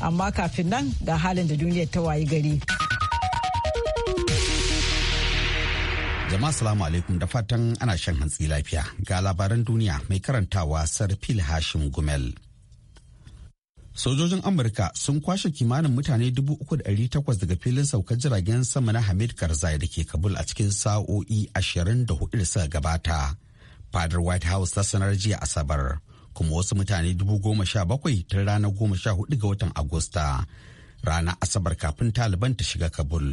amma kafin nan ga halin da duniyar ta wayi gari. Jama'a salamu alaikum da fatan ana shan hantsi lafiya ga labaran duniya mai karantawa Sir Phil Hashim Gumel. Sojojin Amurka sun kwashe kimanin mutane 3,800 daga filin saukar jiragen sama na Hamid Karzai da ke Kabul a cikin sa'o'i 24 da suka gabata. Fadar White House ta sanar jiya Asabar. kuma wasu mutane dubu goma sha bakwai tun ranar goma sha hudu ga watan agusta ranar asabar kafin taliban ta shiga kabul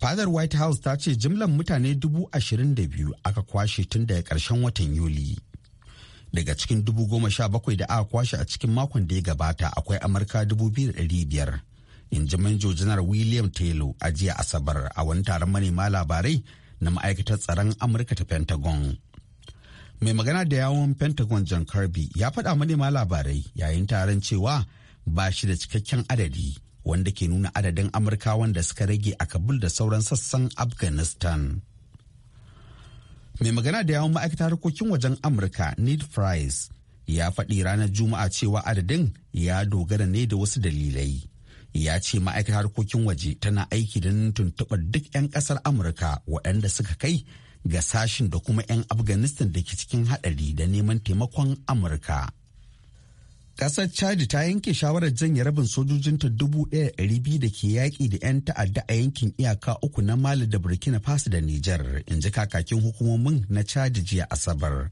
fadar white house ta ce jimlar mutane dubu ashirin da biyu aka kwashe tun daga karshen watan yuli daga cikin dubu goma sha bakwai da aka kwashe a cikin makon da ya gabata akwai amurka dubu biyu da ɗari biyar in ji manjo janar william taylor a jiya asabar a wani taron manema labarai na ma'aikatar tsaron amurka ta pentagon mai magana da yawon pentagon john kirby ya faɗa manema labarai yayin taron cewa ba shi da cikakken adadi wanda ke nuna adadin Amurka wanda suka rage a kabul da sauran sassan afghanistan mai magana da yawon ma'aikatar harkokin wajen amurka need price ya faɗi ranar juma'a cewa adadin ya dogara ne da wasu dalilai ya ce ma'aikatar harkokin waje tana aiki da tuntuɓar duk 'yan ƙasar amurka waɗanda suka kai ga sashin da kuma 'yan afghanistan da ke cikin haɗari da neman taimakon amurka Ƙasar Chad ta yanke shawarar janye rabin sojojinta dubu ɗaya ɗari biyu da ke yaƙi da 'yan ta'adda a yankin iyaka uku na Mali da Burkina Faso da Niger, in ji kakakin hukumomin na Chad jiya Asabar.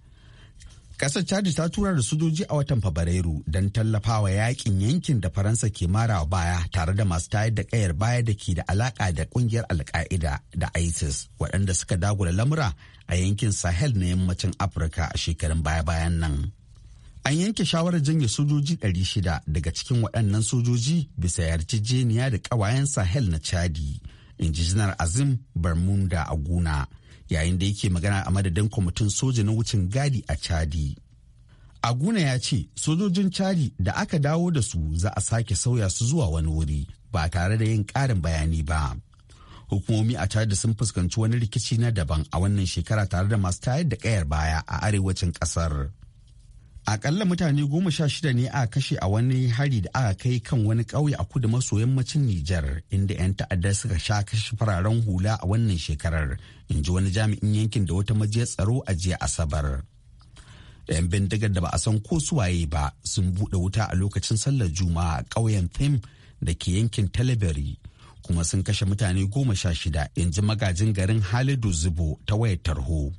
Ƙasar Chad ta tura da sojoji a watan Fabrairu don tallafawa yakin yankin da Faransa ke mara baya tare da masu tayar da ƙayar baya da ke da alaƙa da ƙungiyar Alƙa'ida da ISIS waɗanda suka dagula lamura a yankin Sahel na yammacin Afirka a shekarun baya-bayan nan. An yanke shawarar janye sojoji 600 daga cikin waɗannan sojoji bisa yarjejeniya da ƙawayen Sahel na Chadi, in ji Janar Azim Barmunda Aguna. yayin da yake magana a madadin kwamitin soja na wucin gadi a chadi aguna ya ce sojojin chadi da aka dawo da su za a sake sauya su zuwa wani wuri ba tare da yin karin bayani ba hukumomi a chadi sun fuskanci wani rikici na daban a wannan shekara tare da masu tayar da kayar baya a arewacin kasar. akalla mutane goma sha shida ne a kashe a wani hari da aka kai kan wani ƙauye a kudu maso yammacin Nijar inda 'yan ta'adda suka sha kashe fararen hula a wannan shekarar in ji wani jami'in yankin da wata majiyar tsaro a jiya Asabar. 'Yan bindigar da ba a san ko suwaye ba sun buɗe wuta a lokacin sallar Juma'a a ƙauyen Fim da ke yankin Talabari kuma sun kashe mutane goma sha shida in ji magajin garin Halidu Zubo ta wayar tarho.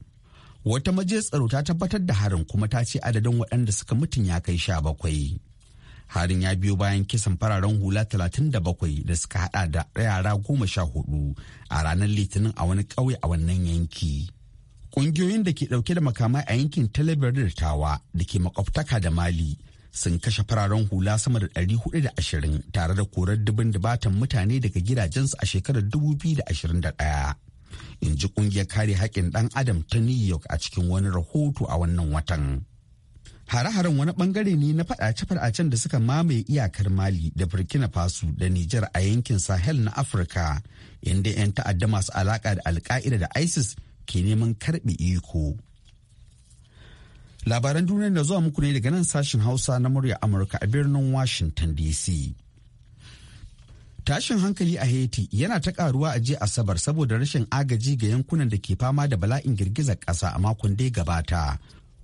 wata majiyar tsaro ta tabbatar da harin kuma ta ce adadin waɗanda suka mutum ya kai sha bakwai harin ya biyo bayan kisan fararen hula 37 da suka hada da yara goma sha hudu a ranar litinin a wani ƙauye a wannan yanki ƙungiyoyin da ke ɗauke da makamai a yankin talabar da da ke makwabtaka da mali sun kashe fararen hula sama da 420 tare da korar dubin batan mutane daga gidajensu a shekarar 2021 in ji kungiyar kare haƙƙin ɗan adam ta new york a cikin wani rahoto a wannan watan hare-haren wani bangare ne na faɗace-faɗacen da suka mamaye iyakar mali da burkina faso da nijar a yankin sahel na afirka inda 'yan ta'adda masu alaƙa da alka'ida da isis ke neman karɓe iko labaran duniya da zuwa muku ne daga nan sashen hausa na murya amurka a birnin washington dc Tashin hankali a Haiti yana ta karuwa a jiya Asabar saboda rashin agaji ga yankunan da ke fama da bala'in girgizar ƙasa a makon da ya gabata,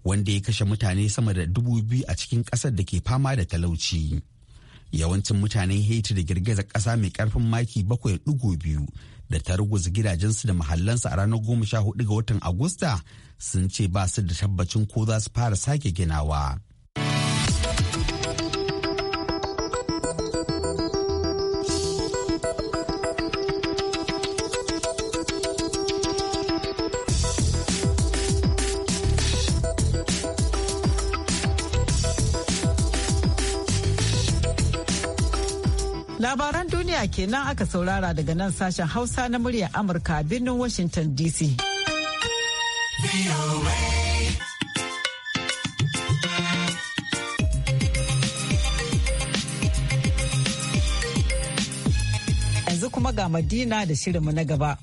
wanda ya kashe mutane sama da dubu biyu a cikin ƙasar da ke fama da talauci. Yawancin mutanen Haiti da girgizar ƙasa mai karfin maki bakwai dugu biyu da ta ruguza gidajensu da mahallansu a ranar goma sha hudu ga watan Agusta sun ce ba su da tabbacin ko za su fara sake ginawa. duniya kenan aka saurara daga nan sashen Hausa na muryar Amurka a birnin Washington DC. Yanzu kuma ga Madina da shirinmu na gaba.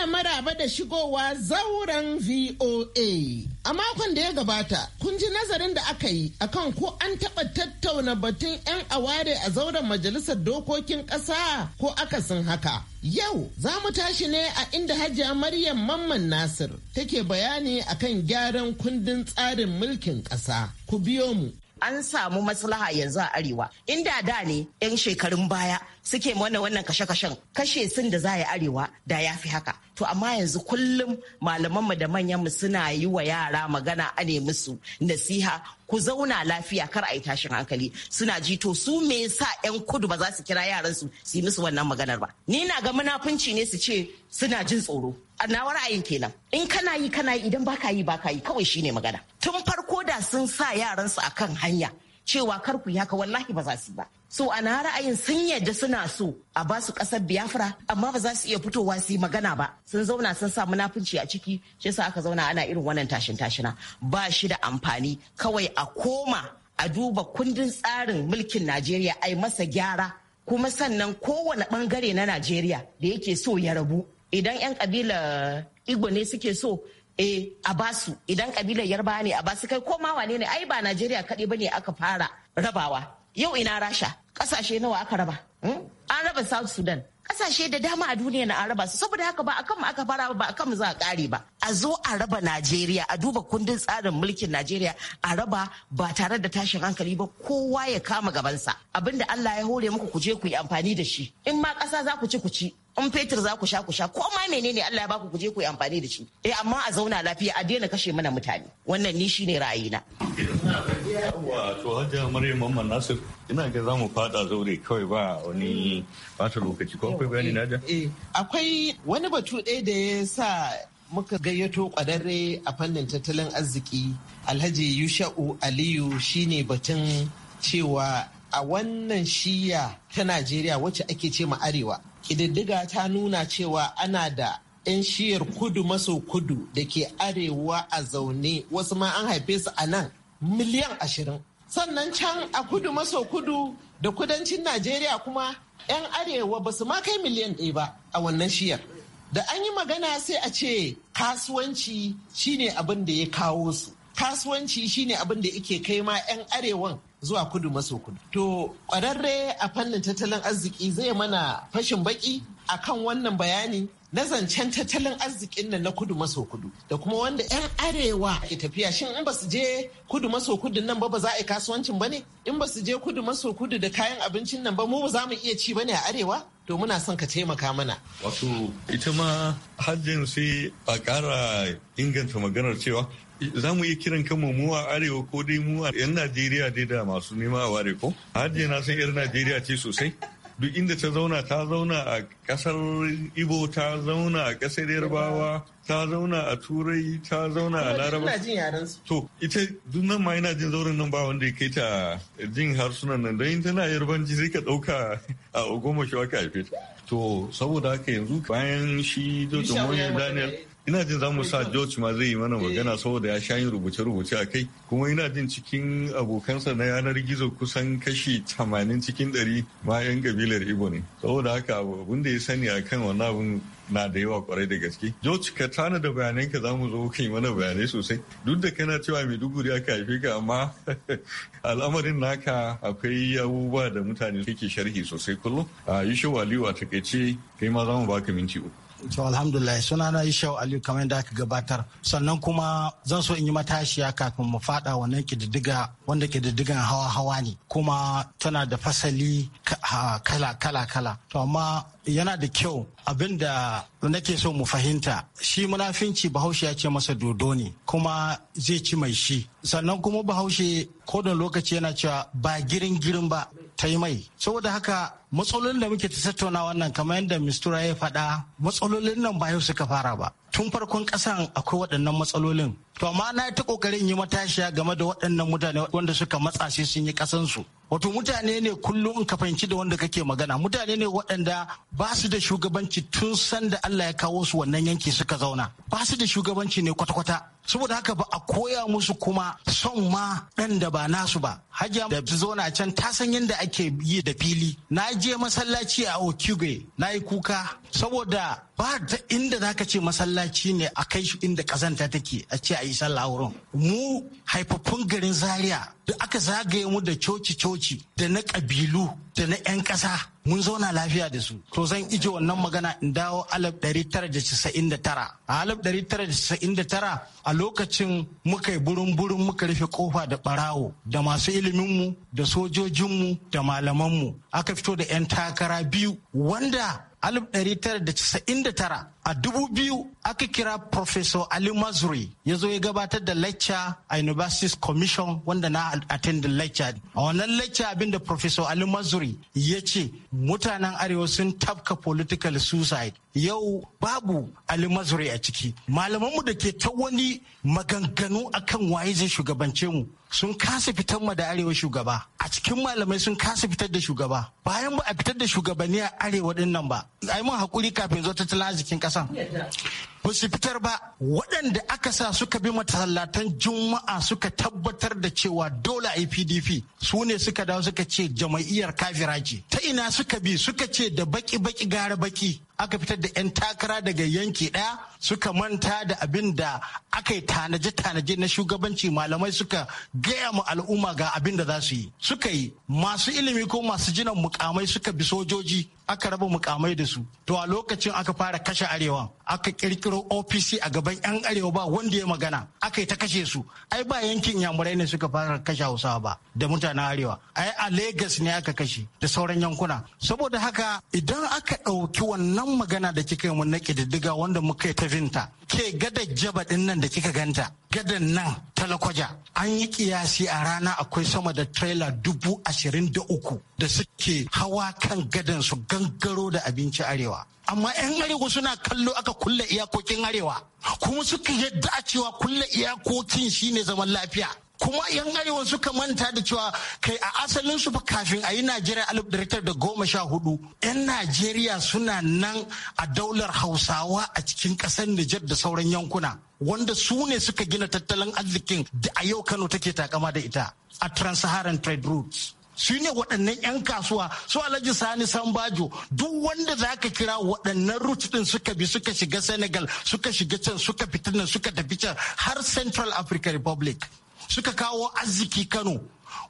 hana maraba da shigowa zauren VOA. A makon da ya gabata, kun ji nazarin da aka yi akan ko an taɓa tattauna batun 'yan aware a zauren majalisar dokokin ƙasa ko akasin haka. Yau za mu tashi ne a inda Hajiya Maryam Mamman Nasir take bayani akan gyaran kundin tsarin mulkin ƙasa. Ku biyo mu an samu maslaha yanzu a arewa inda da ne yan shekarun baya suke mana wannan kashe-kashen kashe sun da za a yi arewa da ya fi haka to amma yanzu kullum malamanmu da manyanmu suna yi wa yara magana a ne musu nasiha ku zauna lafiya kar a yi tashin hankali suna ji to su me sa yan kudu ba za su kira yaransu su su yi musu wannan maganar ba ni na ga munafunci ne su ce suna jin tsoro nawa ra'ayin kenan in kana yi kana yi idan baka yi baka yi kawai shine magana tun farko da sun sa yaransu akan hanya cewa kar ku yi haka wallahi ba za su ba so a na ra'ayin sun yarda suna so a ba su kasar biafra amma ba za su iya fitowa su yi magana ba sun zauna sun sa munafunci a ciki shi yasa aka zauna ana irin wannan tashin tashina ba shi da amfani kawai a koma a duba kundin tsarin mulkin najeriya a yi masa gyara kuma sannan kowane bangare na najeriya da yake so ya rabu idan 'yan kabila igbo ne suke so e a basu idan kabila yarba ne a basu kai koma wane ne ai ba najeriya kaɗai ba ne aka fara rabawa yau ina rasha ƙasashe nawa aka raba hmm? an raba south sudan Ƙasashe da dama a duniya na an raba su saboda haka ba a kanmu aka fara ba a kanmu za a kare ba a zo a raba najeriya a duba kundin tsarin mulkin najeriya a raba ba tare da tashin hankali ba kowa ya kama gabansa abinda allah ya hore muku ku je ku yi amfani da shi in ma ƙasa za ku ci ku ci in fetur za ku sha ku sha ko ma menene Allah ya baku kuje je ku yi amfani da shi eh amma a zauna lafiya a daina kashe mana mutane wannan ni shine ra'ayina wato hajja maryam mamman nasir ina ga za mu fada zaure kawai ba wani bata lokaci ko akwai bayani naja eh, eh, akwai wani batu ɗaya da ya sa muka gayyato kwararre a fannin tattalin arziki alhaji yusha'u aliyu shine batun cewa a wannan shiya ta najeriya wacce ake ce ma arewa kididdiga ta nuna cewa ana da 'yan shiyar kudu maso kudu da ke arewa a zaune wasu ma an haife su a nan miliyan ashirin sannan can a kudu maso kudu da kudancin najeriya kuma 'yan arewa ba su ma kai miliyan ɗaya ba a wannan shiyar da an yi magana sai a ce kasuwanci shine abin da ya kawo su kasuwanci shine abin da yake kai ma 'yan arewan zuwa kudu maso kudu. To ƙwararre a fannin tattalin arziki zai mana fashin baki kan wannan bayani na zancen tattalin arzikin nan na kudu maso kudu da kuma wanda 'yan arewa ke tafiya shin in ba su je kudu maso kudu nan ba ba za a yi kasuwancin ba ne in ba su je kudu maso kudu da kayan abincin nan ba mu ba za mu iya ci ba ne a arewa to muna son ka taimaka mana. Wato ita ma hajjin sai a kara inganta maganar cewa za mu iya kiran kanmu mu a arewa ko dai mu a 'yan najeriya dai da masu nema a ware ko hajiya na san 'yar najeriya ce sosai duk inda ta zauna ta zauna a kasar ibo ta zauna a kasar yarbawa ta zauna a turai ta zauna a laraba to ita duk nan ma ina jin zauren nan ba wanda ya kai ta jin harsunan nan don tana yarbanci sai ka dauka a goma shi waka to saboda haka yanzu bayan shi dodo daniel ina jin za mu sa george ma zai yi mana eh. magana saboda ya sha yin rubuce-rubuce a kai kuma ina jin cikin abokansa na yanar gizo kusan kashi tamanin cikin 100 bayan kabilar ibo ne saboda haka abun da ya sani a kan wannan abun na da yawa kwarai da gaske george ka tana da bayanan ka mu zo kai mana bayanai sosai duk da kana cewa maiduguri aka haife ka amma al'amarin naka akwai abubuwa da mutane suke sharhi sosai kullum a ah, yi a takaice kai ma za mu baka minti uku To alhamdulillah sunana Ishau Aliyu kamar yadda aka gabatar. Sannan kuma zan so in yi matashiya kafin mu fada wannan kididdiga wanda kididdigan hawa-hawa ne kuma tana da fasali kala-kala-kala. To amma yana da kyau abin da nake so mu fahimta shi munafinci bahaushe ya ce masa dodo ne kuma zai ci mai shi sannan kuma bahaushe kodon lokaci yana cewa ba girin girin ba ta yi mai saboda haka matsalolin da muke tattauna wannan kamar yadda mistura ya faɗa matsalolin nan ba yau suka fara ba tun farkon ƙasan akwai waɗannan matsalolin to amma na ta ƙoƙarin yi matashiya game da waɗannan mutane wanda suka matsa sai sun yi ƙasansu wato mutane ne kullum in ka fahimci da wanda kake magana mutane ne waɗanda ba su da shugabanci tun sanda Allah ya kawo su wannan yanki suka zauna ba su da shugabanci ne kwata-kwata saboda haka ba a koya musu kuma son ma ɗan da ba nasu ba hajiya da zauna can ta san yadda ake yi da fili na je masallaci a okigwe na yi kuka saboda ba ta inda zaka ce masallaci ne a kai shi inda kazanta take a ce a yi sallah wurin mu haifaffun garin zaria da aka zagaye mu da coci-coci da na ƙabilu da na 'yan ƙasa mun zauna lafiya da su to zan ije wannan magana in dawo alab 999 a alab 999 a lokacin muka yi burin-burin muka rufe kofa da ɓarawo da masu iliminmu da sojojinmu da malamanmu aka fito da 'yan takara biyu wanda 1999 a dubu biyu aka kira Professor Ali Mazuri ya zo ya gabatar da lecture a university Commission wanda na attend lecture. A wannan lecture abinda Professor Ali Mazuri ya ce mutanen Arewa sun tafka political suicide. Yau babu Ali Mazuri a ciki. Malamanmu da ke ta wani maganganu akan waye zai shugabance mu. sun kasa fitar ma da arewa shugaba a cikin malamai sun kasa fitar da shugaba bayan ba a fitar da shugabanni a arewa din nan ba ai mun hakuri kafin zo tattalin jikin kasan ba su fitar ba waɗanda aka sa suka bi masallatan juma'a suka tabbatar da cewa dole a pdp su ne suka dawo suka ce jama'iyyar kafira ce ta ina suka bi suka ce da baki baki gara baki aka fitar da 'yan takara daga yanki ɗaya suka manta da abin da aka yi tanaje-tanaje na shugabanci malamai suka gaya ma al'umma ga abin da za su yi suka yi masu ilimi ko masu jinan mukamai suka bi sojoji aka raba mukamai da su to a lokacin aka fara kashe arewa aka kirkiro opc a gaban yan arewa ba wanda ya magana aka yi ta kashe su ai ba yankin yamurai ne suka fara kashe hausawa ba da mutanen arewa ai a lagos ne aka kashe da sauran yankuna saboda haka idan aka ɗauki wannan magana da kika yi na ƙididdiga wanda muka yi ta vinta ke gada jaba ɗin nan da kika ganta gadan nan talakwaja an yi kiyasi a rana akwai sama da trailer dubu ashirin da uku da suke hawa kan gadan su gangaro da abinci arewa amma 'yan arewa suna kallo aka kulle iyakokin arewa kuma suka yadda a cewa kulle iyakokin shine zaman lafiya kuma yan arewa suka manta da cewa kai a asalin su kafin a yi najeriya alif da da goma sha hudu yan najeriya suna nan a daular hausawa a cikin kasar nijar da sauran yankuna wanda su ne suka gina tattalin arzikin da a yau kano take takama da ita a trans-saharan trade routes shi ne waɗannan 'yan kasuwa su alhaji sani sambajo duk wanda za ka kira waɗannan route ɗin suka bi suka shiga senegal suka shiga can suka fita nan suka tafi can har central african republic suka kawo arziki kano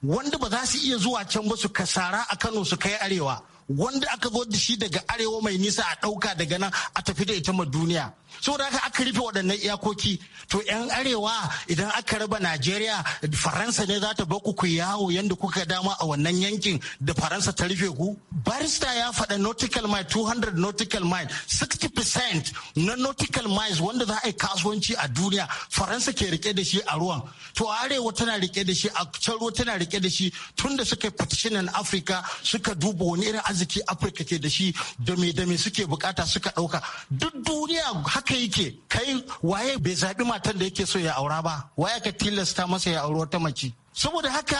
wanda ba za su iya zuwa can ba su kasara a kano su kai arewa wanda aka zo da shi daga arewa mai nisa a ɗauka daga nan a tafi da ita ma duniya saboda da aka rufe waɗannan iyakoki to 'yan arewa idan aka raba najeriya faransa ne za ta baku ku yawo yadda kuka dama a wannan yankin da faransa ta rufe ku barista ya faɗa nautical mile 200 nautical mile 60% na nautical miles wanda za a yi kasuwanci a duniya faransa ke rike da shi a ruwan to arewa tana rike da shi a can ruwa tana rike da shi tun da suka partitionin afirka suka duba wani irin arziki afirka ke da shi da me suke bukata suka ɗauka duk duniya haka yake kai waye bai zaɓi matan da yake so ya aura ba waye ka tilasta masa ya auri wata mace saboda haka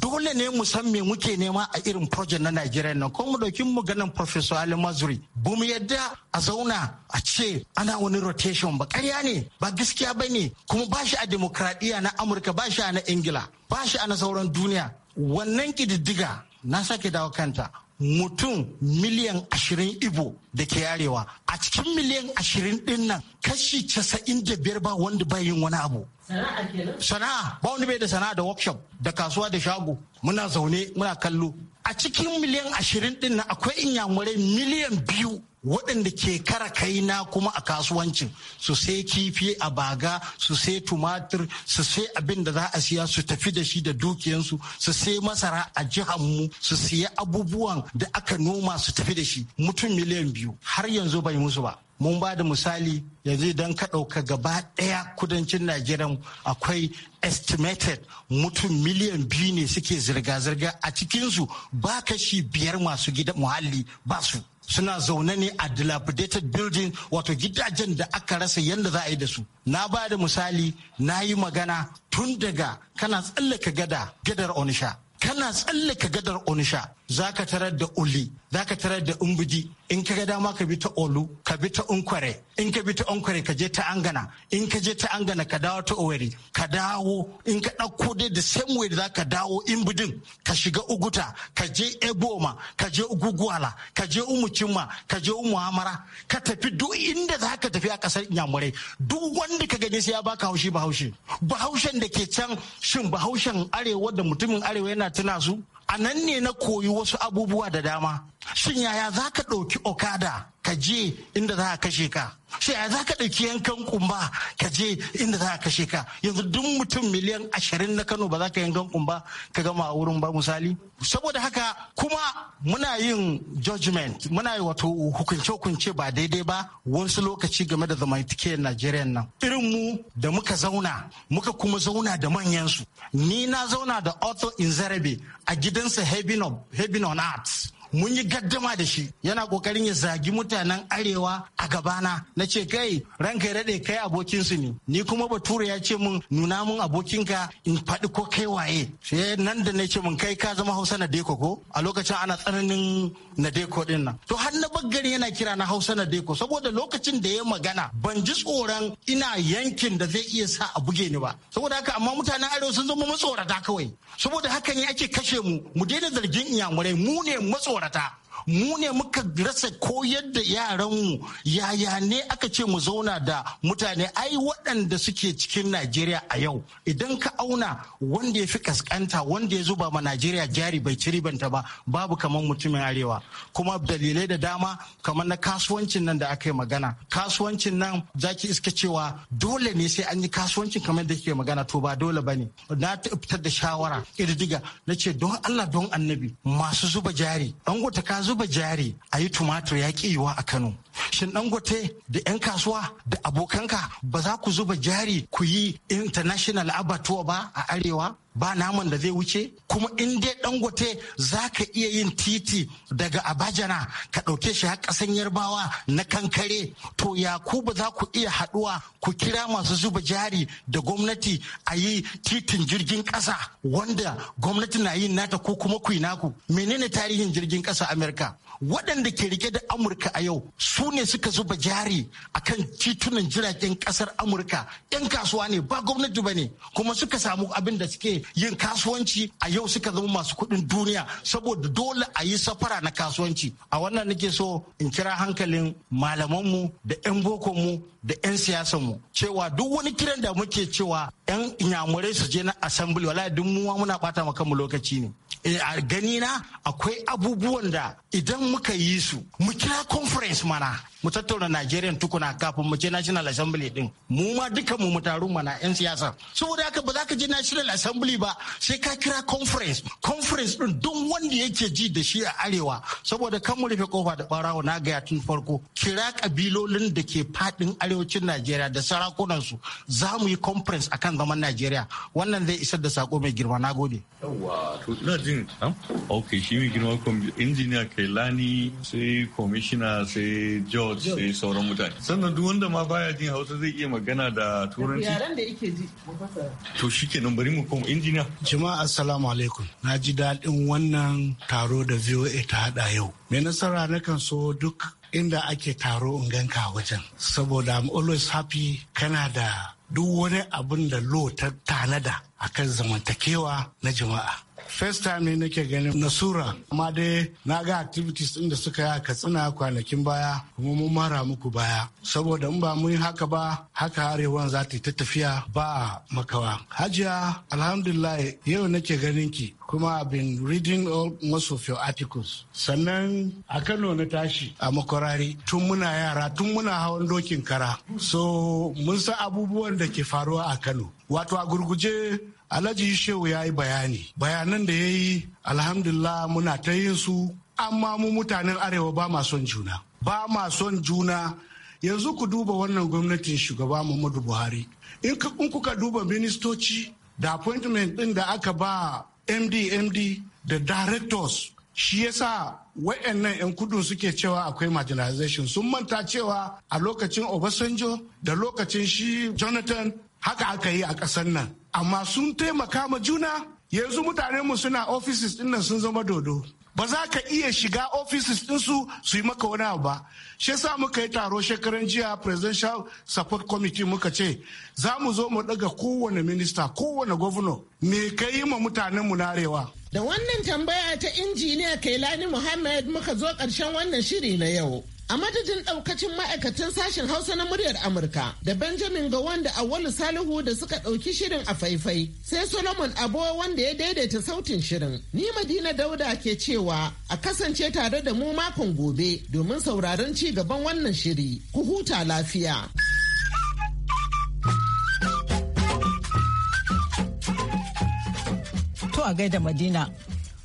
dole ne mu san me muke nema a irin project na Najeriya nan kuma dauki mu ganin Professor Ali Mazuri bu mu yadda a zauna a ce ana wani rotation ba ƙarya ne ba gaskiya ba ne kuma ba shi a demokradiyya na Amurka ba shi a na Ingila ba shi a na sauran duniya wannan kididdiga na sake dawo kanta mutum miliyan ashirin ibo da ke yarewa a cikin miliyan ashirin din nan kashi casa'in da biyar ba wanda bai yin wani abu sana'a sana'a ba wani bai da sana'a da workshop da kasuwa da shago muna zaune muna kallo a cikin miliyan ashirin din nan akwai inyamurai miliyan biyu waɗanda ke kara kaina kuma a kasuwancin su sai kifi a baga su sai tumatir su sai abin da za a siya su tafi da shi da dukiyansu su sai masara a jihanmu su siya abubuwan da aka noma su tafi da shi mutum miliyan biyu biyu har yanzu bai musu ba mun ba da misali yanzu idan ka ɗauka gaba ɗaya kudancin najeriya akwai estimated mutum miliyan biyu ne suke zirga-zirga a cikinsu ba kashi biyar masu gida muhalli ba su suna zaune ne a dilapidated building wato gidajen da aka rasa yadda za a yi da su na ba da misali na yi magana tun daga kana tsallaka gada gadar onisha kana tsallaka gadar onisha za ka tarar da uli za ka tarar da umbuji in ka ga dama ka bi ta olu ka bi ta unkware in ka bi ta unkware ka je ta angana in ka je ta angana ka dawo ta owari ka dawo in ka ɗauko dai da same way da za ka dawo umbudin ka shiga uguta ka je eboma ka je uguguwala ka je umucinma ka je umuhamara ka tafi duk inda za ka tafi a ƙasar inyamurai duk wanda ka gani sai ya baka haushi bahaushe bahaushen da ke can shin bahaushen arewa da mutumin arewa yana tuna su a nan ne na koyi wasu abubuwa da dama shin yaya za ka ɗauki okada ka je inda za a kashe ka shi a za ka ɗauki yankan kumba ka je inda za a kashe ka yanzu duk mutum miliyan ashirin na kano ba za ka yankan kumba ka gama a wurin ba misali saboda haka kuma muna yin judgment muna yi wato hukunce-hukunce ba daidai ba wasu lokaci game da zamantakiyar najeriya nan irin mu da muka zauna muka kuma zauna da manyansu ni na zauna da arthur inzarabe a gidansa heaven on arts mun yi gaddama da shi yana kokarin ya zagi mutanen arewa a gabana na ce kai ranka ya dade kai abokinsu ne ni kuma bature ya ce mun nuna mun abokinka in faɗi ko kai waye sai nan da na ce mun kai ka zama hausa na deko ko a lokacin ana tsananin na deko din nan to har na baggare yana kira na hausa na deko saboda lokacin da ya magana ban ji tsoron ina yankin da zai iya sa a buge ni ba saboda haka amma mutanen arewa sun zama matsorata kawai saboda haka ya ake kashe mu mu daina zargin iyamurai mu ne matsorata chao. mu ne muka rasa koyar da yaranmu yaya ne aka ce mu zauna da mutane ai waɗanda suke cikin najeriya a yau idan ka auna wanda ya fi kaskanta wanda ya zuba ma najeriya jari bai ci ribanta ba babu kamar mutumin arewa kuma dalilai da dama kamar na kasuwancin nan da aka yi magana kasuwancin nan zaki iska cewa dole ne sai an yi kasuwancin kamar da ke magana to ba dole ba ne na fitar da shawara ƙirdiga na ce don allah don annabi masu zuba jari ɗan ka zuba zuba jari a yi tumatir ya a Kano. Shin Dangote da 'yan kasuwa da abokanka ba za ku zuba jari ku yi international abatuwa ba a Arewa? ba naman da zai wuce kuma in dai dangote za ka iya yin titi daga abajana ka ɗauke shi har ƙasan yarbawa na kankare to ya za ku iya haɗuwa ku kira masu zuba jari da gwamnati a yi titin jirgin ƙasa wanda gwamnati na yin nata ko kuma ku naku menene tarihin jirgin ƙasa amerika waɗanda ke rike da amurka a yau su ne suka zuba jari akan titunan jiragen ƙasar amurka 'yan kasuwa ne ba gwamnati ba ne kuma suka samu abin da suke yin kasuwanci a yau suka zama masu kuɗin duniya saboda dole a yi safara na kasuwanci a wannan nake so in kira hankalin malamanmu da 'yan mu da 'yan mu. cewa duk wani kiran da muke cewa 'yan inyamurai su je na assembly wala duk mu muna bata maka mu lokaci ne eh, a gani na akwai abubuwan da idan muka yi su mu kira conference mana mu tattauna Najeriya tukuna kafin mu je National Assembly din mu ma duka mu taru mana yan siyasa saboda haka ba za ka je National Assembly ba sai ka kira conference conference din duk wanda yake ji da shi a arewa saboda kan mu rufe kofa da barawo na gaya tun farko kira kabilolin da ke fadin arewacin Najeriya da sarakunan su za mu yi conference akan zaman Najeriya wannan zai isar da sako mai girma na gode yawa to ina jin ah, ok shi mai girma injiniya kailani sai commissioner sai george Hausa sai sauran mutane sannan duk wanda ma baya jin Hausa zai iya magana da turanci yaran da yake ji bari mu koma injiniya jama'a assalamu alaikum na ji daɗin wannan taro da VOA ta haɗa yau me nasara nakan so duk inda ake taro in ganka wajen saboda I'm always happy kana da duk wani abin da lo ta tanada akan zamantakewa na jama'a first time ne nake ganin nasura amma dai na ga activities din da suka yi a katsina kwanakin baya kuma mun mara muku baya saboda in ba mun yi haka ba haka arewan za ta tafiya ba makawa hajiya alhamdulillah yau nake ganin ki kuma I've been reading all most of your articles. Sannan a Kano na tashi a makwarari tun muna yara tun muna hawan dokin kara. So mun san abubuwan da ke faruwa a Kano. Wato a gurguje Alhaji Shehu ya yi bayani. Bayanan da ya yi alhamdulillah muna ta yin su amma mu mutanen arewa ba ma son juna. Ba ma son juna yanzu ku duba wannan gwamnatin shugaba Muhammadu Buhari. In kuka duba ministoci da appointment ɗin da aka ba md md da directors shi yasa wayannan 'yan kudu suke cewa akwai marginalization sun manta cewa a lokacin obasanjo da lokacin shi jonathan haka aka yi a ƙasar nan amma sun taimaka ma juna yanzu mutanenmu suna offices ɗinnan sun zama dodo ba za ka iya shiga ofisis ɗinsu su yi maka wani abu ba shi yasa muka yi taro shekaran jiya presidential support committee muka ce za mu zo mu daga kowane minista kowane governor me ka yi ma mutanen mu narewa da wannan tambaya ta injiniya kailani muhammad muka zo ƙarshen wannan shiri na yau A madadin daukacin ma'aikatan sashen Hausa na muryar Amurka da Benjamin ga wanda Awolu Salihu da suka ɗauki shirin a faifai sai Solomon Abo wanda ya daidaita sautin shirin. Ni Madina Dauda ke cewa a kasance tare da mu makon gobe domin sauraron ci gaban wannan shiri. Ku huta lafiya. To a gaida Madina.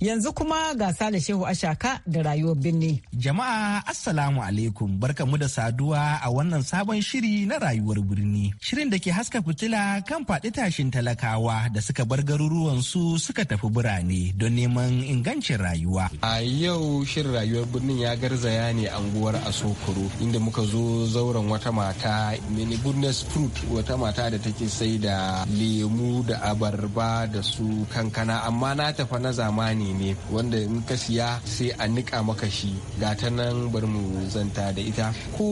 Yanzu kuma gasa da Shehu Ashaka da rayuwar birni. Jama'a Assalamu alaikum barkamu da saduwa a wannan sabon shiri na rayuwar birni. Shirin da ke haska fitila kan faɗi tashin talakawa da suka bar garuruwansu suka tafi birane don neman ingancin rayuwa. A yau shirin rayuwar birnin ya garzaya ne anguwar Asokoro inda muka zo zauren wata mata mini goodness fruit wata mata da take sai da lemu da abarba da su kankana amma na tafa na zamani ne ne wanda in ka siya sai a nika maka shi gata ta nan bar mu zanta da ita ko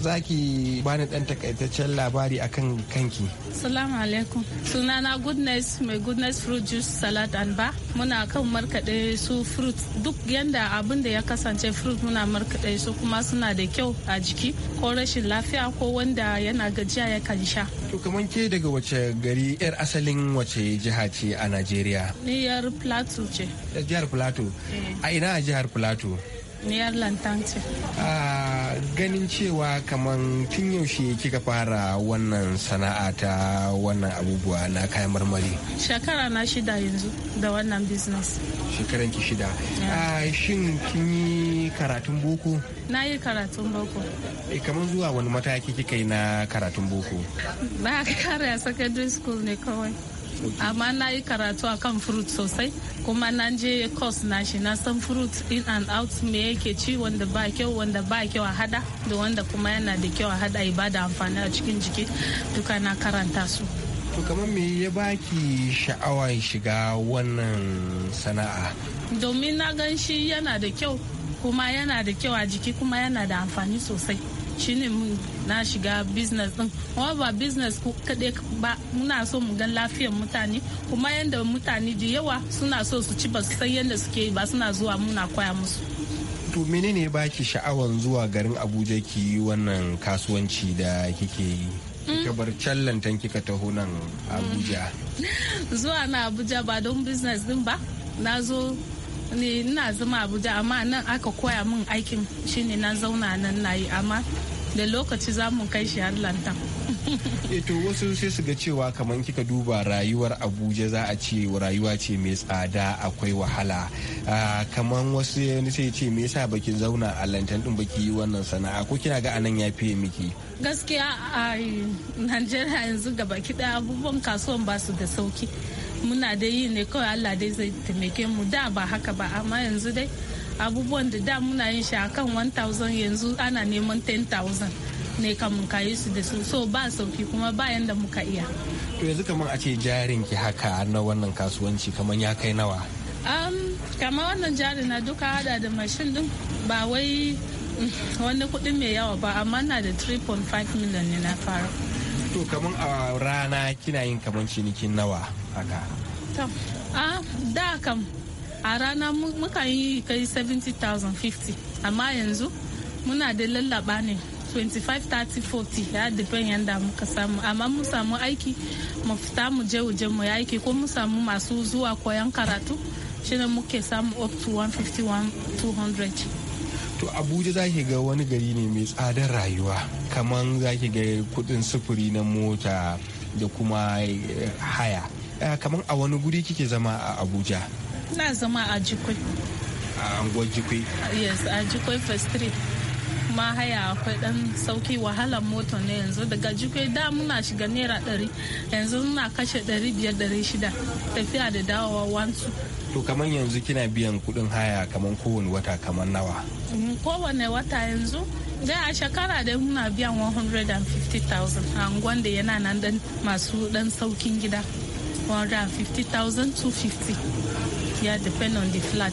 zaki bani dan takaitaccen labari akan kanki assalamu alaikum sunana goodness mai goodness fruit juice salad and bar muna kan markaɗe su fruit duk yanda abin da ya kasance fruit muna markaɗe su kuma suna da kyau a jiki ko rashin lafiya ko wanda yana gajiya ya kan sha to kaman ke daga wace gari yar asalin wace jiha ce a najeriya niyar plateau ce Eh, jihar Filato. a ina a jihar Filato? niyar lantan a ganin cewa kamar tun yaushe kika fara wannan sana'a ta wannan abubuwa na kayan marmari shekara na shida yanzu da wannan business shekaran ki shida a shin kin yi karatun boko na yi karatun boko e eh, kamar zuwa wani mataki kika yi na karatun boko ba kare a secondary school ne kawai amma na yi karatu a kan fruit sosai kuma na je course na shi na san fruit in and out me yake ci wanda ba kyau wanda ba kyau a hada da wanda kuma yana da kyau a hada da amfani a cikin jiki duka na karanta su to kamar me ya baki sha'awa shiga wannan sana'a domin na gan shi yana da kyau kuma yana da kyau a jiki kuma yana da amfani sosai shine mun na shiga business din kuma ba business kaɗai ba muna so mu gan lafiyar mutane kuma yadda mutane da yawa suna so su ci ba su san yadda suke ba suna zuwa muna koya musu to menene ya baki sha'awan zuwa garin abuja ki yi wannan kasuwanci da kike yi kika bar can lantan kika taho nan abuja zuwa na abuja ba don business din ba na zo ne ina zama abuja amma nan aka koya min aikin shine na zauna nan na yi amma da lokaci za mu kai shi har lantan eh, to wasu sai su ga cewa kamar kika duba rayuwar abuja za a ce rayuwa ce mai tsada akwai wahala ah, kamar wasu sai ce me yasa baki zauna a lantan din baki yi wannan sana'a ko kina ga anan ya fiye miki gaskiya a najeriya yanzu gaba kiɗa abubuwan kasuwan ba su da sauki muna da yi ne kawai allah dai zai taimake mu da ba haka ba amma yanzu dai abubuwan da da muna yin shi akan 1000 yanzu ana neman 10000 ne kamun kayi su da su so ba sauki kuma bayan da muka iya to yanzu kamar a ce jarin ki haka na wannan kasuwanci kamar ya kai nawa um, kamar wannan jarin na duka hada da mashin din ba wai wani kuɗi mai yawa ba amma na da 3.5 million ne na fara to kamar a rana kina yin kamar cinikin nawa haka a da kam a rana muka yi kai 70,050 amma yanzu muna da lallaba ne 25-30-40 ya depend yadda muka samu amma mu samu aiki mu fita mu je waje mu aiki ko mu samu masu zuwa koyan karatu shine muke samu up to to abuja za ki ga wani gari ne mai tsadar rayuwa kamar za ki ga kudin sufuri na mota da kuma eh, haya eh, kamar a wani guri kike zama a abuja na zama a jikwai a anguwar jikwai yes a jikwai first street ma haya akwai dan sauki wahalar mota ne yanzu daga jikwai da muna shiga naira ɗari yanzu muna kashe ɗari biyar ɗari shida tafiya da dawowa wansu to kamar yanzu kina biyan kuɗin haya kamar kowane wata kamar nawa mm, kowane wata yanzu da a shekara da muna biyan 150,000 a unguwan da yana nan dan masu dan saukin gida 150,000 250 ya yeah, depend on the flat